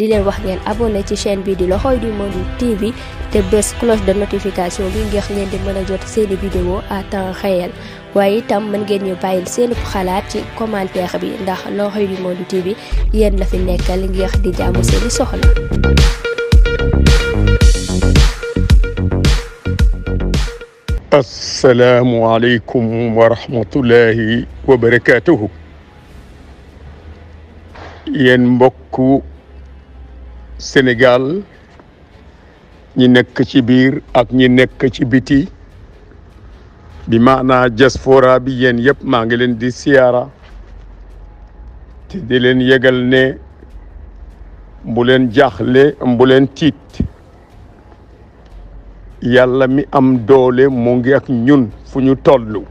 di len wax ngeen abonné ci chaîne bi di loxoy du monde tv té bés cloche de notification bi ngeex ngeen di mëna jot seeni vidéo à temps réel waye tam mën ngeen ñu bayil seen xalaat ci commentaire bi ndax loxoy du monde tv yeen la fi nekkal ngeex di jaamu seeni soxla السلام عليكم ورحمة الله وبركاته ين مبكو Sénégal ñi nekk ci biir ak ñi nekk ci biti bi maanaa diaspora bi yéen yépp maa ngi leen di siyaara te di leen yëgal ne bu leen jaaxle bu leen tiit yàlla mi am doole mu ngi ak ñun fu ñu tollu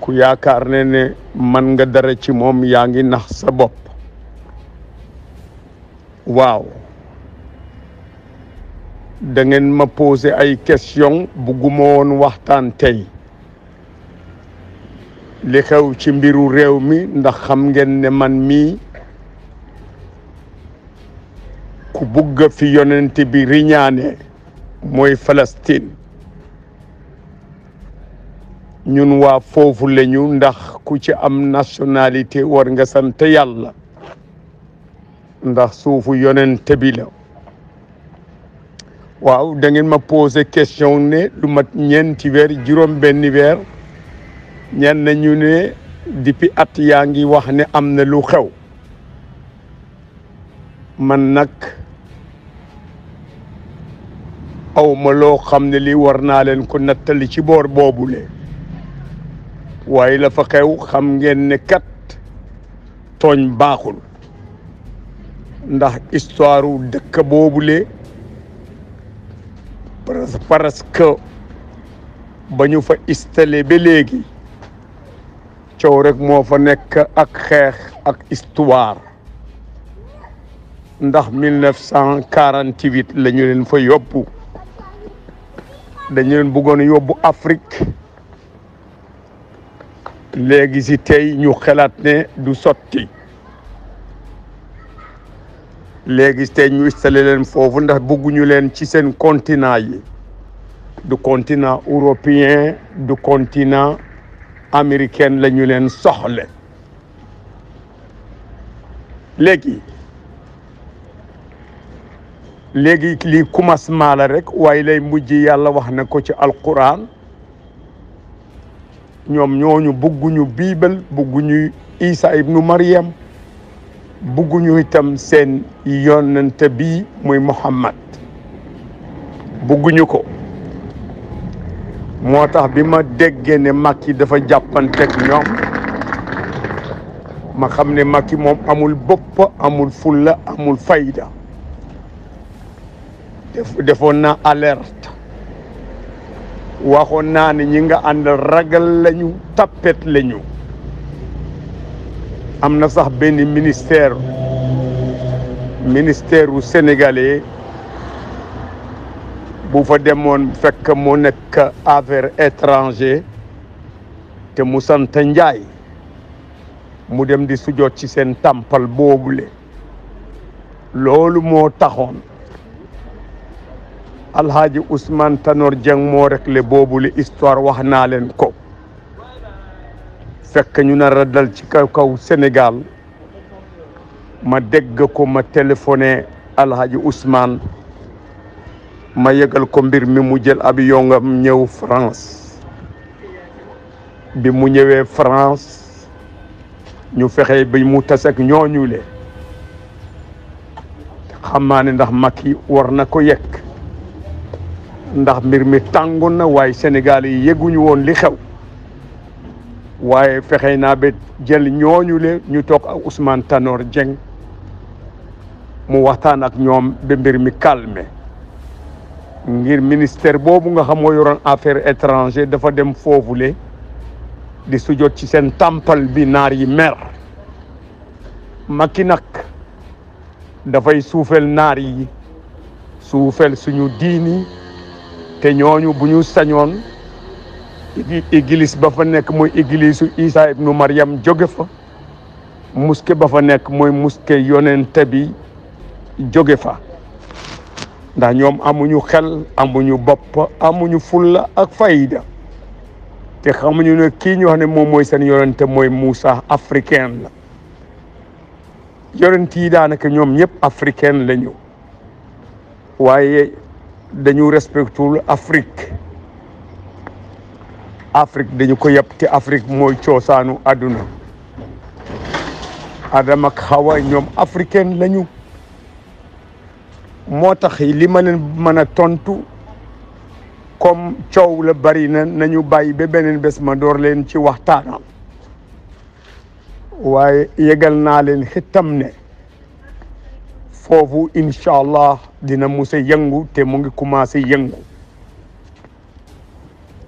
ku yaakaar ne ne man nga dara ci moom yaa ngi nax sa bopp waaw da ngeen ma posé ay question bugguma woon waxtaan tey li xew ci mbiru réew mi ndax xam ngeen ne man mii ku bugg fi yonent bi riñaane mooy Palestine ñun waa foofu lañu ndax ku ci am nationalité war nga sant yàlla ndax suufu yonente bi la waaw da ma posé question ne lu mat ñeenti weer juróom benni weer ñen ñu ne depuis at yaa ngi wax ne am na lu xew man nag aw ma loo xam ne li war naa leen ko nattali ci boor boobule waaye la fa xew xam ngeen ne kat tooñ baaxul ndax histoire dëkk boobule parce que ba ñu fa installé ba léegi coow rekk moo fa nekk ak xeex ak histoire ndax 1948 la leen fa yóbbu dañu leen bëggoon yóbbu Afrique léegi si tey ñu xalaat ne du sotti. léegi tey ñu installé leen foofu ndax bëgguñu leen ci seen continent yi du continent européen du continent américain lañu leen soxla léegi léegi lii commencement la rek waaye lay mujj yàlla wax na ko ci alquran ñoom ñooñu bëgguñu biibal bëgguñu isa ibnu mariam bugguñu itam seen yonante bi muy Muhammad bugguñu ko moo tax bi ma déggee ne Macky dafa jàppanteeg ñoom ma xam ne Macky moom amul bopp amul fulla amul fayda defoon na alerte waxoon naa ne ñi nga àndal ragal lañu tappet lañu am na sax benn ministère ministère wu sénégalais bu fa demoon fekk mu nekk affaire étranger te mu sant njaay mu dem di sujoot ci seen tàmpal boobule loolu moo taxoon alhaaji Ousmane Tanor Dieng moo rekk le boobule histoire wax naa leen ko fekk ñu nar a dal ci kaw kaw Sénégal ma dégg ko ma téléphoné Alhaji Ousmane ma yëgal ko mbir mi mu jël avion ngam ñëw France bi mu ñëwee France ñu fexe bi mu tasak ñooñu le xam naa ne ndax Macky war na ko yekk ndax mbir mi tàngoon na waaye Sénégal yi yëguñu woon li xew waaye fexe naa ba jël ñooñu le ñu toog ak Ousmane Tanor Dieng mu waxtaan ak ñoom ba mbir mi kalme ngir ministère boobu nga xam moo yoroon affaire étranger dafa dem foofule di su ci seen tàmpal bi naar yi mer Macky nag dafay suufel naar yi suufel suñu diini te ñooñu buñu sañoon église ba fa nekk mooy église su Isa ibnu Maryam jóge fa mosquée ba fa nekk mooy mosquée yonente bi jóge fa ndax ñoom amuñu xel amuñu bopp amuñu fulla ak fayda te xamuñu ne kii ñu wax ne moom mooy seen yonente mooy Moussa africain la yonent yi daanaka ñoom ñëpp africain lañu waaye dañu respectul Afrique Afrique dañu ko ke ci Afrique moy ciosanu aduna adam ak Hawa ñom africaine lañu motax tax li manen leen tontu comme ciow la bari na nañu bayyi be benen bes ma dor leen ci waxtaanam waye yegal na leen xitam ne fofu inshallah allah dina musse yengu te mo ngi commencer yengu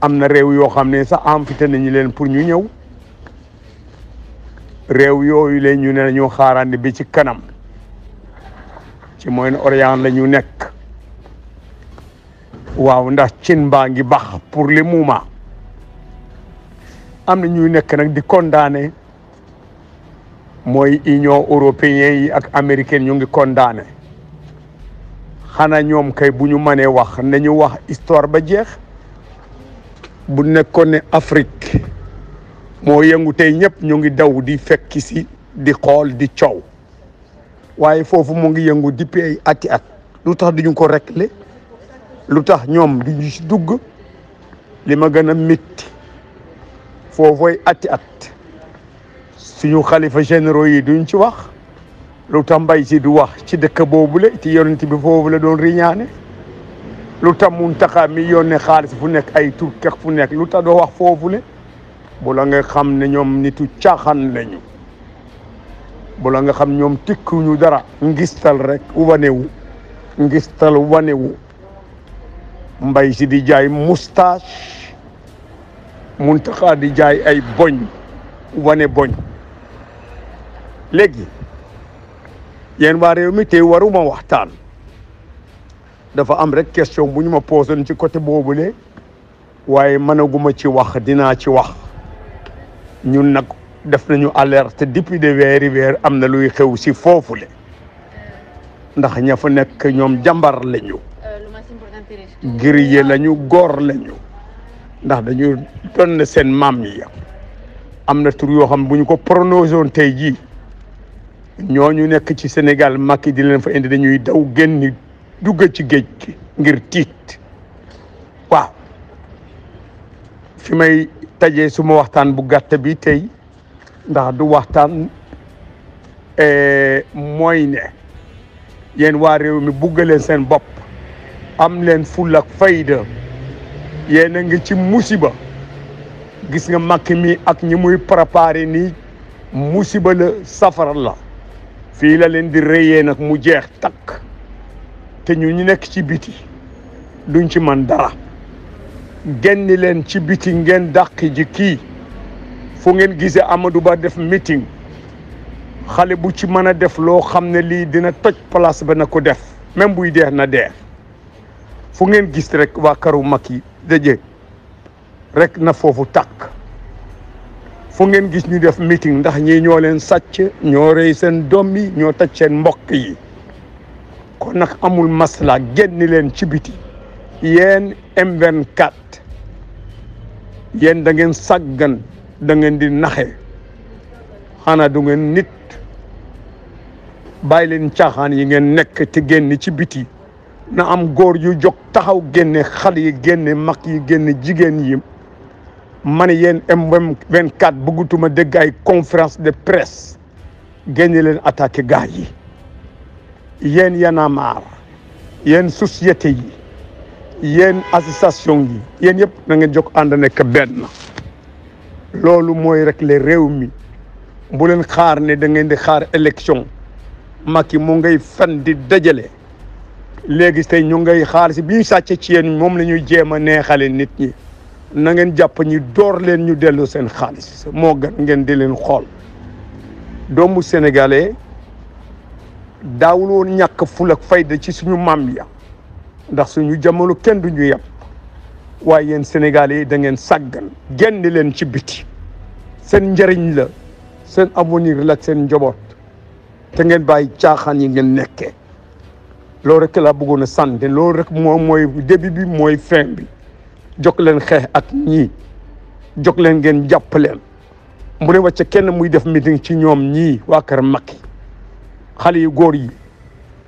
am na réew yoo xam ne sax invité nañu leen pour ñu ñëw réew yooyu leen ñu ne ñu xaarandi bi ci kanam ci Moyen-Orient la ñu nekk waaw ndax cin baa ngi baax pour li moment am na ñuy nekk nag di kondaane mooy union européen yi ak américaine ñu ngi kondaane xanaa ñoom kay bu ñu mënee wax nañu wax histoire ba jeex. bu nekkoon ne Afrique moo yëngu tey ñëpp ñu ngi daw di fekki si di xool di coow waaye foofu mu ngi yëngu depuis ay ati at lu tax duñu ko réglé lu tax ñoom ñu si dugg li ma gën a métti foofoy ati at suñu xalifa généraux yi duñ ci wax lu ta mbay si du wax ci dëkk boobu boobule ci yonent bi foofu la doon riñaane lu tax Mountakha mi yónnee xaalis fu nekk ay tur fu nekk lu tax doo wax foofu le bu nga xam ne ñoom nitu caaxaan lañu bu la nga xam ñoom tikkuñu dara ngistal rek wanewu ngistal wu mbay si di jaay moustache Mountakha di jaay ay boñ wane boñ léegi yéen waa réew waruma waxtaan dafa am rek question bu ñu ma posé ci côté boobule waaye mënaguma ci wax dinaa ci wax ñun nag def nañu alerte depuis de weeri weer am na luy xew si foofu foofule ndax ña fa nekk ñoom jàmbar lañu grillé lañu góor lañu ndax dañu doon seen maam yi am na tur yoo xam bu ñu ko prononcé woon tey jii ñu nekk ci Sénégal Macky di leen fa indi dañuy daw génn. dugg ci géej ngir tiit waaw fi may tajee suma waxtaan bu gàtt bi tey ndax du waxtaan eh, mooy ne waa réew mi buggaleen seen bopp am leen ful ak fayda yéen a ngi ci musiba gis nga Macky mi ak ñi muy préparé ni musiba la safara la fii la leen di rëyee nag mu jeex takk te ñu nekk ci biti duñ ci man dara génni leen ci biti ngeen dàq ji kii fu ngeen gisee Amadou Ba def meeting xale bu ci mën a def loo xam ne lii dina toj place ba na ko def même buy deex na deex fu ngeen gis rekk waa karu mag yi daje rek na foofu tàkk fu ngeen gis ñu def meeting ndax ñi ñoo leen sàcc ñoo rey seen doom yi ñoo taj seen mbokk yi kon nag amul masla génn leen ci biti yéen M24 yéen sàggan dangeen di naxe xanaa du ngeen nit bàyyi leen caaxaan yi ngeen nekk te génn ci biti na am góor yu jóg taxaw génne xale yi génne mag yi génne jigéen yi ma ne yéen M24 bëggatuma dégg ay conférence de presse génne leen attaqué gars yi yéen Y'en yenn marre yi yéen association yi yéen yëpp na jog jokk nekk benn loolu mooy régler réew mi bu leen xaar ne da ngeen di xaar élection Macky mu ngay fen di dajale léegi tey ñu ngay xaar bi ñu sàcce ci yéen moom lañuy ñuy jéem a neexale nit ñi na ngeen jàpp ñi door leen ñu dellu seen xaalis moo gën ngeen di leen xool doomu sénégalais daawul woon ñàkk ful ak fayda ci suñu maam ya ndax suñu jamono kenn du ñu yab waaye yéen Sénégalais yi da ngeen sàggan génn leen ci biti seen njëriñ la seen avenir la seen njaboot te ngeen bàyyi caaxaan yi ngeen nekkee loolu rek laa bëggoon a sande loolu rek moom mooy début bi mooy fin bi jokk leen xeex ak ñii jokk leen ngeen jàpp leen mu ne wàcce kenn muy def meeting ci ñoom ñii waa kër Macky xale yu góor yi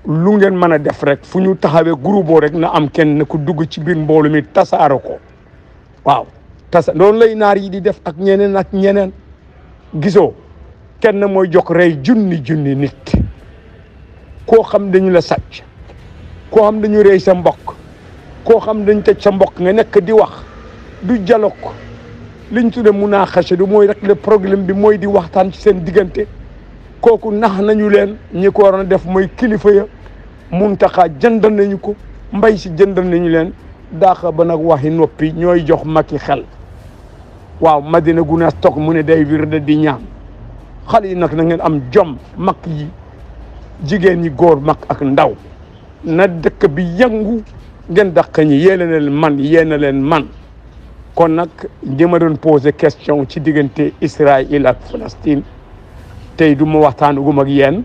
lu ngeen mën a def rek fu ñu taxawee groupe rek na am kenn ku dugg ci biir mboolu mi tasaare ko waaw tasa loolu lay naar yi di def ak ñeneen ak ñeneen gisoo kenn mooy jox rey junni junni nit koo xam dañu la sàcc koo xam dañu rey sa mbokk koo xam dañ tëj sa mbok nga nekk di wax du dialogue liñ tudde munaaxasa du mooy rek le problème bi mooy di waxtaan ci seen diggante kooku nax nañu leen ñi ko waroon a def mooy kilifa ya muntaxaa jëndal nañu ko mbay si jëndal nañu leen daaxa ba nag waxi noppi ñooy jox Macky xel waaw Madina Gunaas toog mu ne day wirde di ñaam xale yi nag na am jom mag yi jigéen ñi góor mag ak ndaw na dëkk bi yëngu ngeen dàq ñi yéena man yéena leen man kon nag ñi ma doon posé question ci diggante Israël ak Palestine tey du ma waxtaan ugum yenn yéen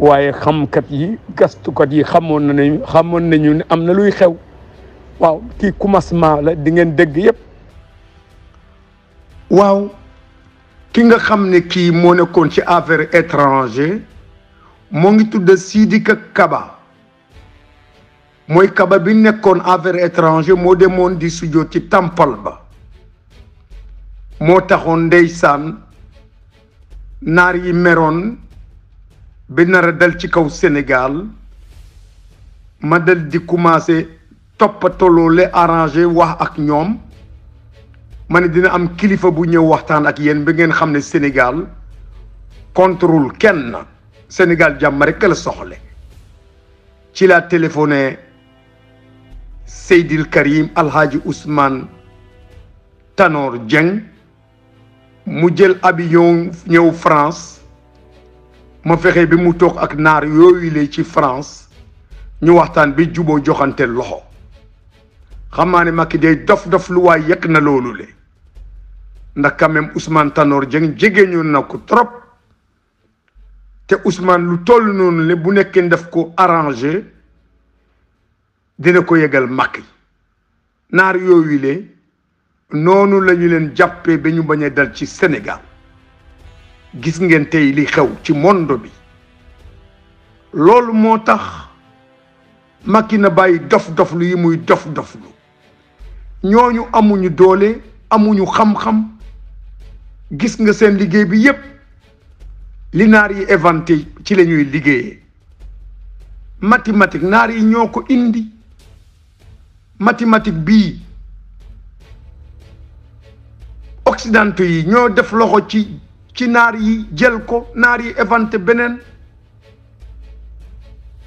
waaye xamkat yi gastukat yi xamoon na nañu xamoon nañu ne am na luy xew waaw kii commencement la di ngeen dégg yëpp waaw ki nga xam ne kii moo nekkoon ci affaire étranger moo ngi tudd Sidiki Kaba mooy Kaba bi nekkoon affaire étranger moo demoon di sujjóot ci temple ba moo taxoon ndeysaan نار يمرون بنار دل تيكو سنغال ما دل دي كوماسي توب تولو لي ارانجي واخ اك نيوم ماني دينا ام كليفا بو نيو واختان اك يين بيغن خامني سنغال كونترول كين سنغال جام رك لا سوخلي تي لا تليفوني سيد الكريم الحاج عثمان تانور جين mu jël avion ñëw France ma fexe bi mu toog ak naar yooyu le ci France ñu waxtaan bi juboo joxante loxo xamaa ne Macky day dof dof lu waay yëkk na loolu le ndax quand même Ousmane Tanor Dieng jege na ko trop te Ousmane lu toll noonu le bu nekkee daf ko arrangé dina ko yegal Macky naar yooyu le noonu lañu leen jàppee ba ñu bañ a dal ci Sénégal gis ngeen tey li xew ci mondo bi loolu moo tax makki na bàyyi dof-dof lu yi muy dof-dof lu ñooñu amuñu doole amuñu xam-xam gis nga seen liggéey bi yépp li naar yi inventé ci lañuy ñuy liggéeyee mathématique naar yi ñoo ko indi mathématique bii occidentaux yi ñoo def loxo ci ci naar yi jël ko naar yi éventé beneen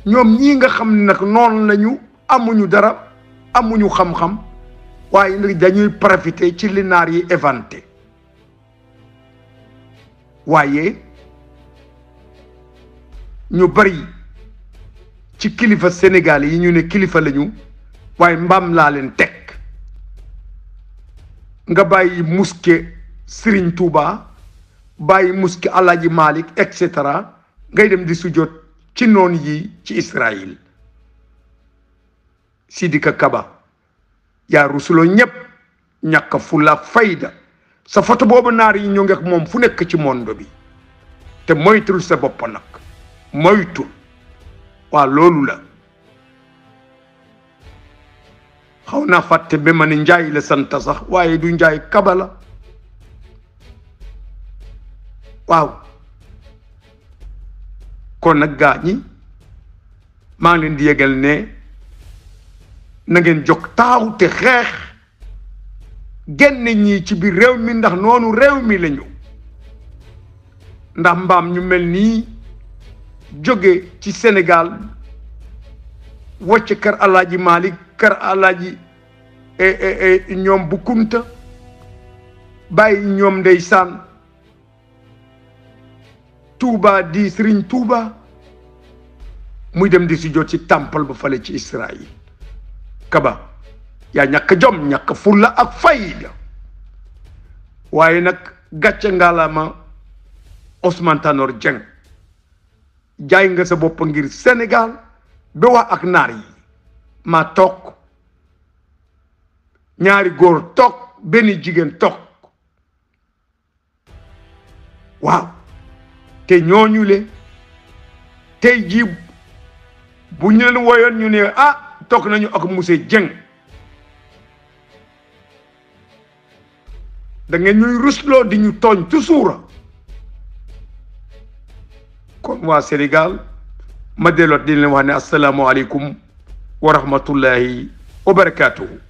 ñoom ñii nga xam ne nag noonu lañu amuñu dara amuñu xam-xam waaye nag dañuy profité ci li naar yi éventé waaye ñu bari ci kilifa Sénégal yi ñu ne kilifa lañu waaye mbaam laa leen teg nga bàyyi mosquée Serigne tuuba bàyyi mosquée Alaaji Malik et cetera ngay dem di sujjóot ci noon yi ci Israël Sidiki Kaba yaa rusuloo ñépp ñàkk fulla fayda sa photo boobu naar yi ñoo ngi moom fu nekk ci mondo bi te moytul sa bopp nag moytul waa loolu la xaw naa fàtte ba ma ne njaay la sant sax waaye du njaay kabala waaw kon nag gaa maa ngi leen di yëgal ne na ngeen jóg taaw te xeex génn ñii ci biir réew mi ndax noonu réew mi la ndax mbaam ñu mel nii jóge ci Sénégal wocc kër Alaaji Malik kër alaaji e, e, e, ñoom bu kumta ñoom ndeysaan Touba di Sëriñ Touba muy dem di si jot ci temple ba fale ci Israël kaba yaa ñàkk jom ñàkk fulla ak fayda waaye nag gàcc ngalaama Ousmane Tanor Dieng jaay nga sa bopp ngir Sénégal ba wax ak naar yi ma tok ñaari tok tok benn tok tok waaw te ñooñu le tey ji bu ñu leen woyoon ñu ne ah tok nañu ak monsieur jeng da nga ñuy ruslo di ñu tooñ toujours kon wa senegal ma delot di leen wax ne alaykum ورحمة الله وبركاته